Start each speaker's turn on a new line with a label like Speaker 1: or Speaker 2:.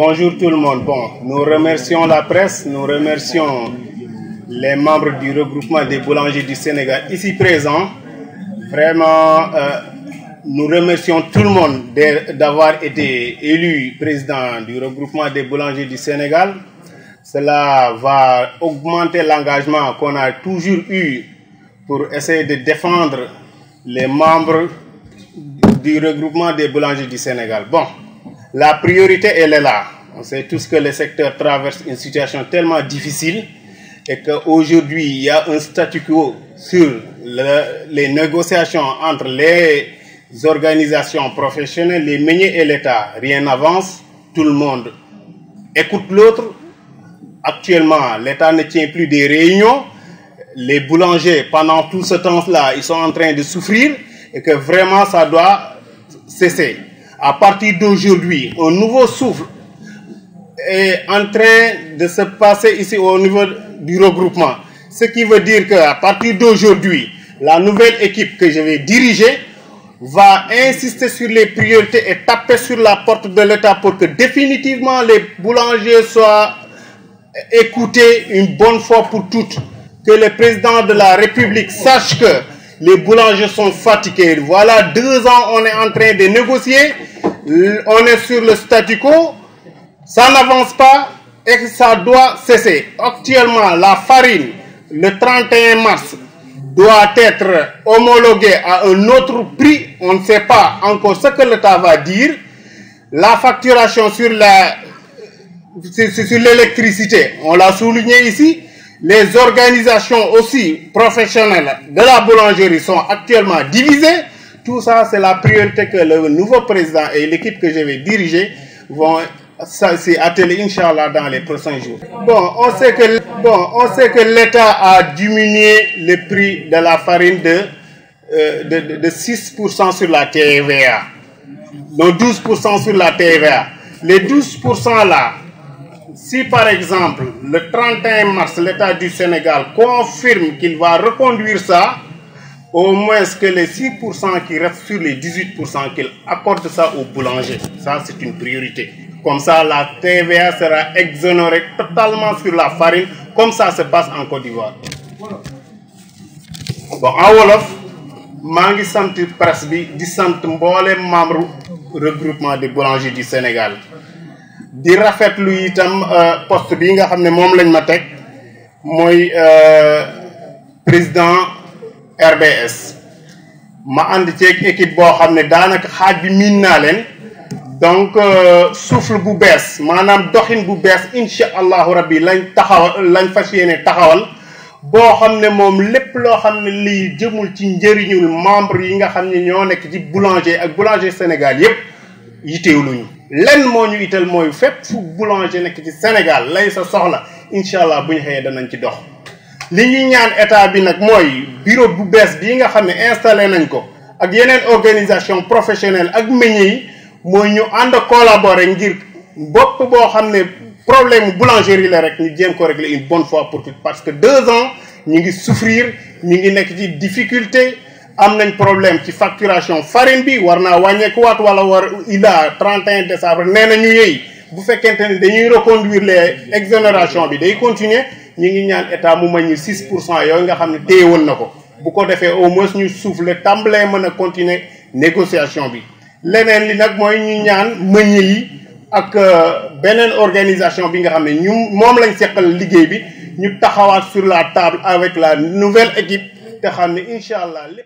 Speaker 1: Bonjour tout le monde. Bon, nous remercions la presse, nous remercions les membres du regroupement des boulangers du Sénégal ici présents. Vraiment, euh, nous remercions tout le monde d'avoir été élu président du regroupement des boulangers du Sénégal. Cela va augmenter l'engagement qu'on a toujours eu pour essayer de défendre les membres du regroupement des boulangers du Sénégal. Bon, La priorité, elle est là. On sait tous que le secteur traverse une situation tellement difficile et qu'aujourd'hui, il y a un statu quo sur les négociations entre les organisations professionnelles, les meuniers et l'État. Rien n'avance, tout le monde écoute l'autre. Actuellement, l'État ne tient plus des réunions. Les boulangers, pendant tout ce temps-là, ils sont en train de souffrir et que vraiment, ça doit cesser. à partir d'aujourd'hui, un nouveau souffle est en train de se passer ici au niveau du regroupement. Ce qui veut dire qu'à partir d'aujourd'hui, la nouvelle équipe que je vais diriger va insister sur les priorités et taper sur la porte de l'État pour que définitivement les boulangers soient écoutés une bonne fois pour toutes. Que le président de la République sache que les boulangers sont fatigués. Voilà deux ans, on est en train de négocier, on est sur le statu quo, ça n'avance pas et ça doit cesser. Actuellement, la farine, le 31 mars, doit être homologuée à un autre prix. On ne sait pas encore ce que l'État va dire. La facturation sur la sur l'électricité, on l'a souligné ici, Les organisations aussi professionnelles de la boulangerie sont actuellement divisées. Tout ça, c'est la priorité que le nouveau président et l'équipe que je vais diriger vont s'y atteler, Inch'Allah, dans les prochains jours. Bon, on sait que, bon, on sait que l'État a diminué le prix de la farine de, euh, de, de, de sur la TVA. Donc 12% sur la TVA. Les là, Si par exemple le 31 mars l'État du Sénégal confirme qu'il va reconduire ça, au moins que les 6% qui restent sur les 18% qu'il accorde ça aux boulangers. Ça, c'est une priorité. Comme ça, la TVA sera exonérée totalement sur la farine, comme ça se passe en Côte d'Ivoire. en wolof maa ngi sant presse bi di sant mboolem membre regroupement de boulangers du Sénégal. di rafetlu itam euh, poste bi nga xam ne moom lañ ma teg mooy euh, président RBS ma ànd ceeg équipe boo xam ne daanaka xaaj bi miin naa leen donc euh, souffle bu bees maanaam doxin bu bees incha allahu rabbi lañ taxawal lañ fas yéene taxawal boo xam ne moom lépp loo xam ne lii jëmul ci njëriñul membre yi nga xam ne ñoo nekk ci boulanger ak boulanger Sénégal yépp yitewluñu lenn moo ñu ital mooy fépp fu boulanger nekk ci Sénégal lay sa soxla incha allah bu ñu xëyee danañ ci dox. li ñuy ñaan état bi nag mooy bureau bu bees bii nga xam ne installé nañ ko ak yeneen organisation professionnelle ak meññe yi mooy ñu ànd collaborer ngir bopp boo xam ne problème boulangerie la rek ñu jéem ko régler une bonne fois pour toutes parce que deux ans ñu ngi souffrir ñu ngi nekk ci difficulté. am nañ problème ci facturation farine bi war naa wàññeekuwaat wala war ida 31 décembre nee nañu ñu bu fekkente ne dañuy reconduire les exonération bi day continuer ñu ngi ñaan état mu ma ñu 6 pour cent yooyu nga xam ne téyewoon na ko bu ko defee au moins ñu souffle tàmbalee mën a continuer négociation bi leneen li nag mooy ñu ñaan mëññe yi ak euh, beneen organisation bi nga xam ne ñu moom lañ seqal liggéey bi ñu taxawaat sur la table avec la nouvelle équipe te xam ne incha allah